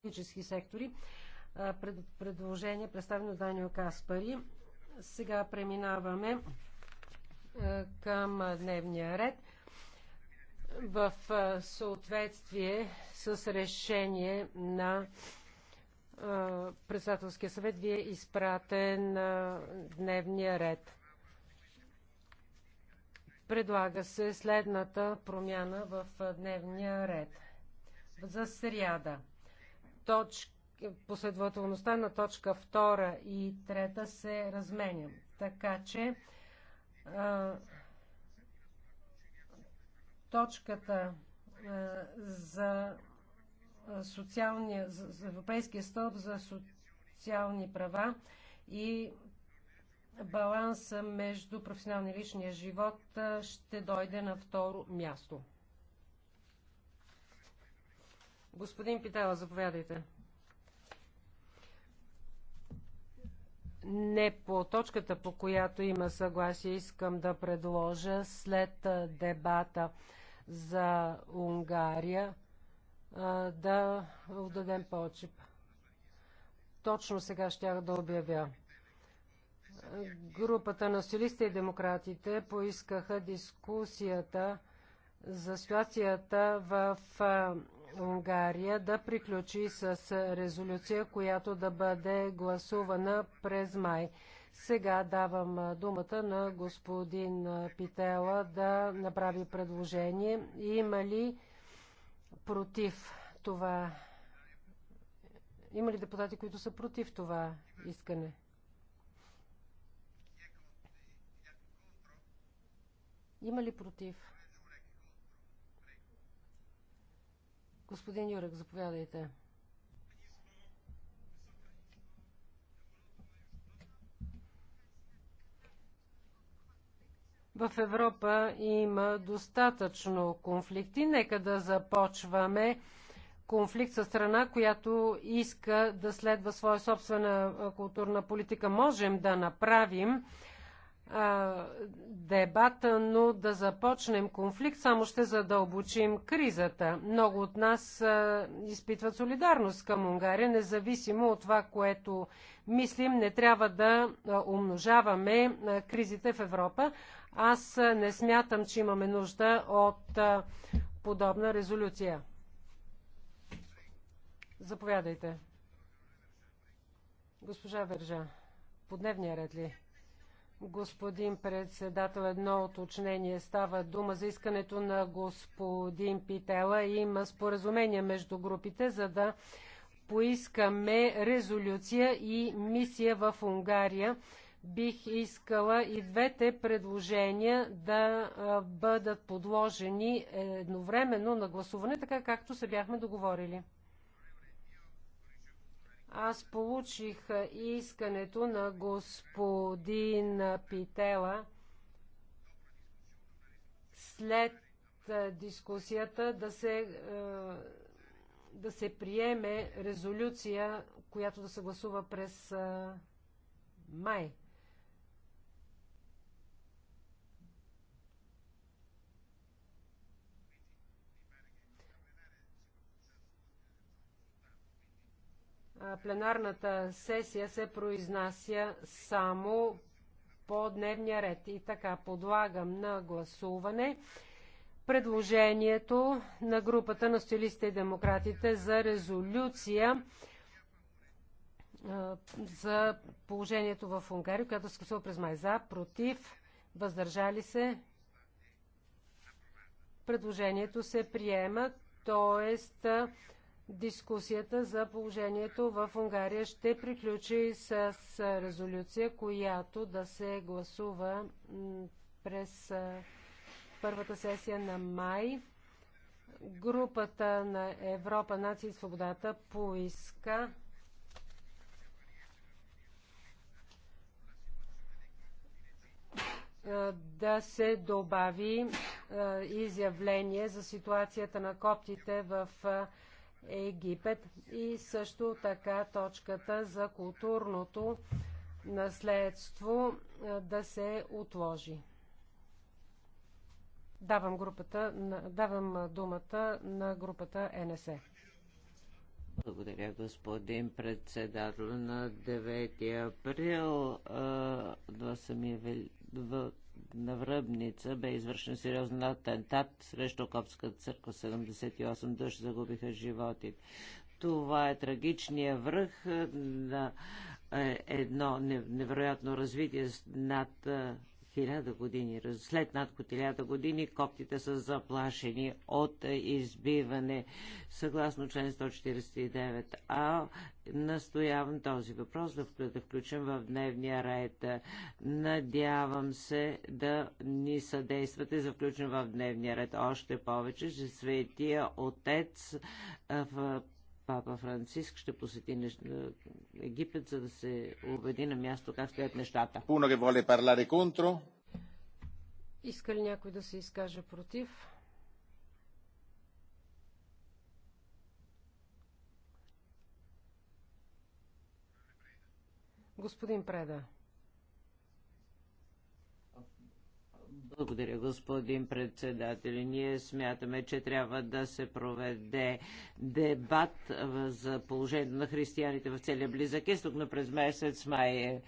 стратегически сектори. Предложение представено от Данио Каспари. Сега преминаваме към дневния ред. В съответствие с решение на председателския съвет ви е изпратен дневния ред. Предлага се следната промяна в дневния ред. За сряда последователността на точка 2 и 3 се разменя. Така че а, точката а, за социалния, за Европейския стълб за социални права и баланса между професионалния и личния живот ще дойде на второ място. Господин Питала, заповядайте. Не по точката, по която има съгласие, искам да предложа след дебата за Унгария да отдадем почеп. Точно сега щях да обявя. Групата на социалистите и демократите поискаха дискусията за ситуацията в Унгария да приключи с резолюция, която да бъде гласувана през май. Сега давам думата на господин Питела да направи предложение. Има ли против това? Има ли депутати, които са против това искане? Има ли против? Господин Юрек, заповядайте. В Европа има достатъчно конфликти. Нека да започваме конфликт със страна, която иска да следва своя собствена културна политика. Можем да направим дебата, но да започнем конфликт, само ще задълбочим кризата. Много от нас а, изпитват солидарност към Унгария, независимо от това, което мислим, не трябва да умножаваме кризите в Европа. Аз не смятам, че имаме нужда от а, подобна резолюция. Заповядайте. Госпожа Вержа, по дневния ред ли? Господин председател, едно уточнение става дума за искането на господин Питела. Има споразумение между групите, за да поискаме резолюция и мисия в Унгария. Бих искала и двете предложения да бъдат подложени едновременно на гласуване, така както се бяхме договорили. Аз получих искането на господин Питела след дискусията да се, да се приеме резолюция, която да се гласува през май. пленарната сесия се произнася само по дневния ред. И така подлагам на гласуване предложението на групата на стилистите и демократите за резолюция за положението в Унгария, която се гласува през май за, против, въздържали се. Предложението се приема, т.е. Дискусията за положението в Унгария ще приключи с резолюция, която да се гласува през първата сесия на май. Групата на Европа, нация и свободата поиска да се добави изявление за ситуацията на коптите в Египет и също така точката за културното наследство да се отложи. Давам, групата, давам думата на групата НСЕ. Благодаря, господин председател. На 9 април а, в самия в на Връбница бе извършен сериозен атентат срещу Копската църква. 78 души загубиха животите. Това е трагичният връх на е, едно невероятно развитие над хиляда години. След над хиляда години коптите са заплашени от избиване. Съгласно член 149а, Настоявам този въпрос да, да включим в дневния ред. Надявам се да ни съдействате за включен в дневния ред. Още повече, че Светия Отец в Папа Франциск ще посети Египет, за да се убеди на място как стоят нещата. Иска ли някой да се изкаже против? Господин Преда. Благодаря, господин председател. Ние смятаме, че трябва да се проведе дебат за положението на християните в целия Близък изток, но през месец май е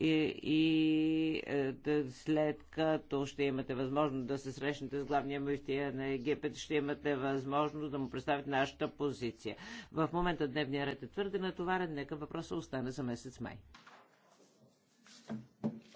и, и е, да, след като ще имате възможност да се срещнете с главния мъфтия на Египет, ще имате възможност да му представите нашата позиция. В момента дневния ред е твърде натоварен, нека въпроса, остане за месец май.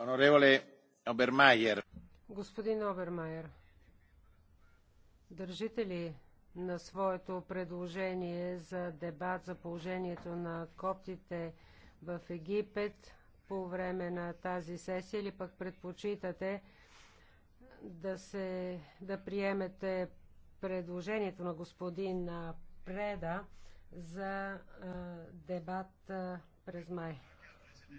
Оноревале Обермайер. Господин Обермайер, държите ли на своето предложение за дебат за положението на коптите в Египет по време на тази сесия или пък предпочитате да, се, да приемете предложението на господин Преда за а, дебат а, през май.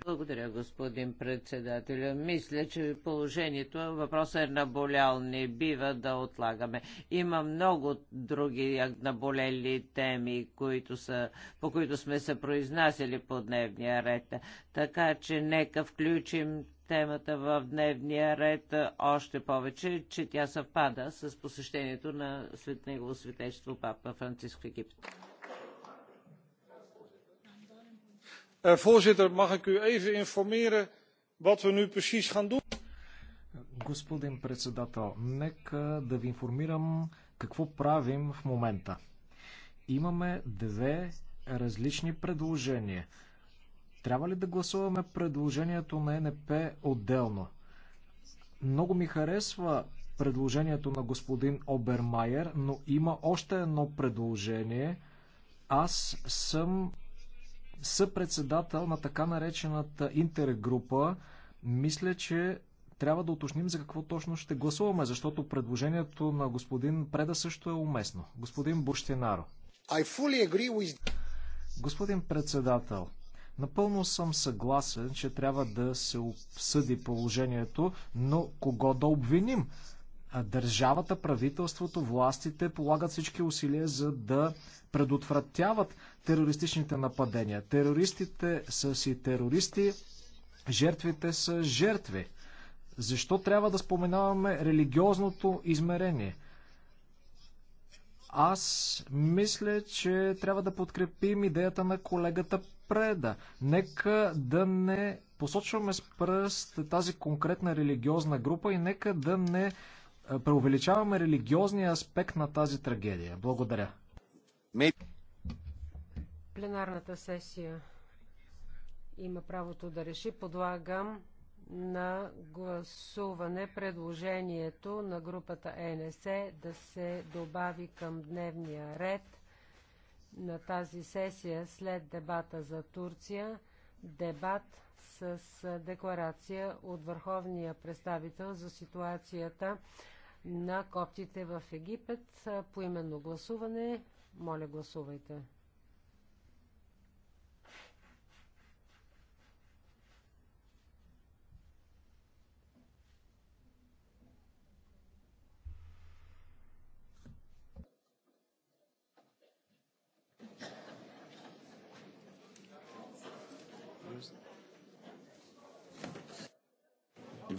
Благодаря, господин председателя. Мисля, че положението, въпросът е наболял, не бива да отлагаме. Има много други наболели теми, които са, по които сме се произнасяли по дневния ред. Така че нека включим темата в дневния ред още повече, че тя съвпада с посещението на Свет Негово Светечество Папа Франциско Египет. Eh, voorzitter, mag ik u even informeren wat we nu precies gaan doen? Господин председател, нека да ви информирам какво правим в момента. Имаме две различни предложения. Трябва ли да гласуваме предложението на НП отделно? Много ми харесва предложението на господин Обермайер, но има още едно предложение. Аз съм съпредседател на така наречената интергрупа, мисля, че трябва да уточним за какво точно ще гласуваме, защото предложението на господин Преда също е уместно. Господин Буштинаро. With... Господин председател, напълно съм съгласен, че трябва да се обсъди положението, но кого да обвиним? Държавата, правителството, властите полагат всички усилия за да предотвратяват терористичните нападения. Терористите са си терористи, жертвите са жертви. Защо трябва да споменаваме религиозното измерение? Аз мисля, че трябва да подкрепим идеята на колегата Преда. Нека да не посочваме с пръст тази конкретна религиозна група и нека да не е, преувеличаваме религиозния аспект на тази трагедия. Благодаря. Пленарната сесия има правото да реши. Подлагам на гласуване предложението на групата НС да се добави към дневния ред на тази сесия след дебата за Турция дебат с декларация от върховния представител за ситуацията на коптите в Египет. По именно гласуване. Моля, гласувайте.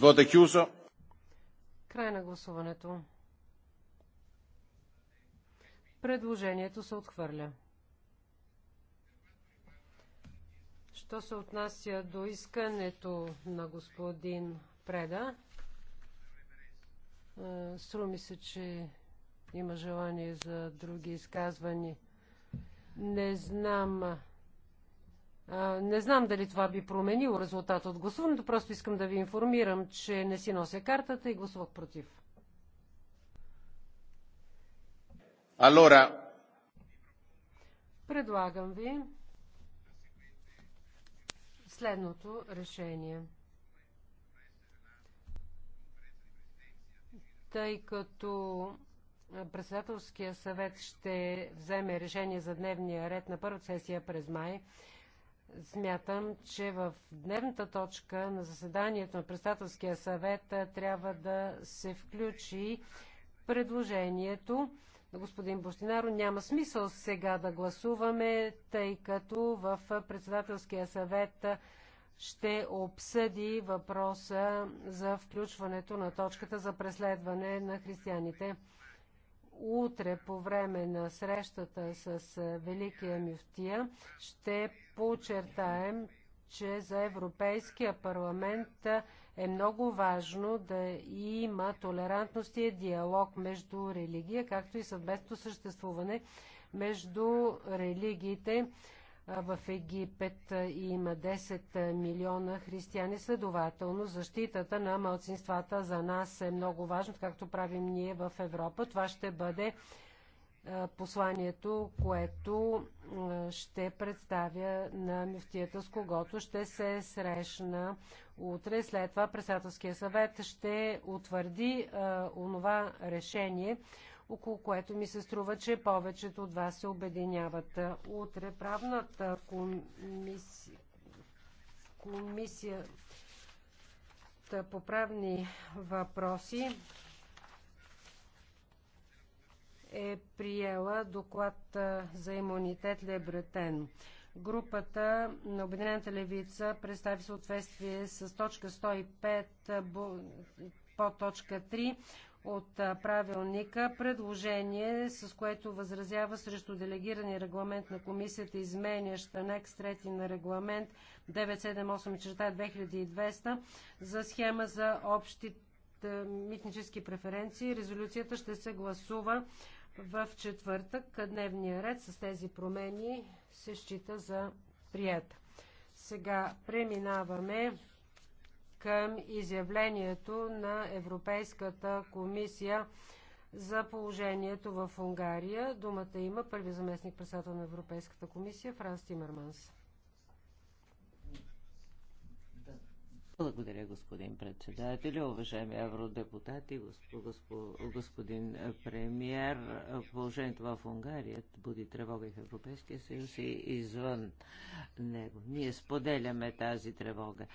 voto chiuso гласуването. Предложението се отхвърля. Що се отнася до искането на господин Преда, струми се, че има желание за други изказвания. Не знам. Не знам дали това би променило резултата от гласуването, просто искам да ви информирам, че не си нося картата и гласувах против. Allora... Предлагам ви следното решение. Тъй като председателския съвет ще вземе решение за дневния ред на първа сесия през май, смятам, че в дневната точка на заседанието на председателския съвет трябва да се включи предложението на господин Бостинаро. Няма смисъл сега да гласуваме, тъй като в председателския съвет ще обсъди въпроса за включването на точката за преследване на християните. Утре по време на срещата с Великия Мюфтия ще подчертаем, че за Европейския парламент е много важно да има толерантност и диалог между религия, както и съвместно съществуване между религиите. В Египет има 10 милиона християни, следователно защитата на малцинствата за нас е много важна, както правим ние в Европа. Това ще бъде посланието, което ще представя на мифтията, с когото ще се срещна утре. След това председателския съвет ще утвърди а, онова решение, около което ми се струва, че повечето от вас се обединяват. Утре правната комисия, комисия по правни въпроси е приела доклад за имунитет Лебретен. Групата на Обединената левица представи съответствие с точка 105 по точка 3 от правилника предложение, с което възразява срещу делегирания регламент на комисията, изменяща анекс 3 на регламент 978-2200 за схема за общите митнически преференции. Резолюцията ще се гласува в четвъртък дневния ред с тези промени се счита за прият. Сега преминаваме към изявлението на Европейската комисия за положението в Унгария. Думата има първи заместник председател на Европейската комисия Франс Тимерманс. Благодаря, господин председател. Уважаеми евродепутати, господин премьер, положението в Унгария буди тревога и в Европейския съюз и извън него. Ние споделяме тази тревога.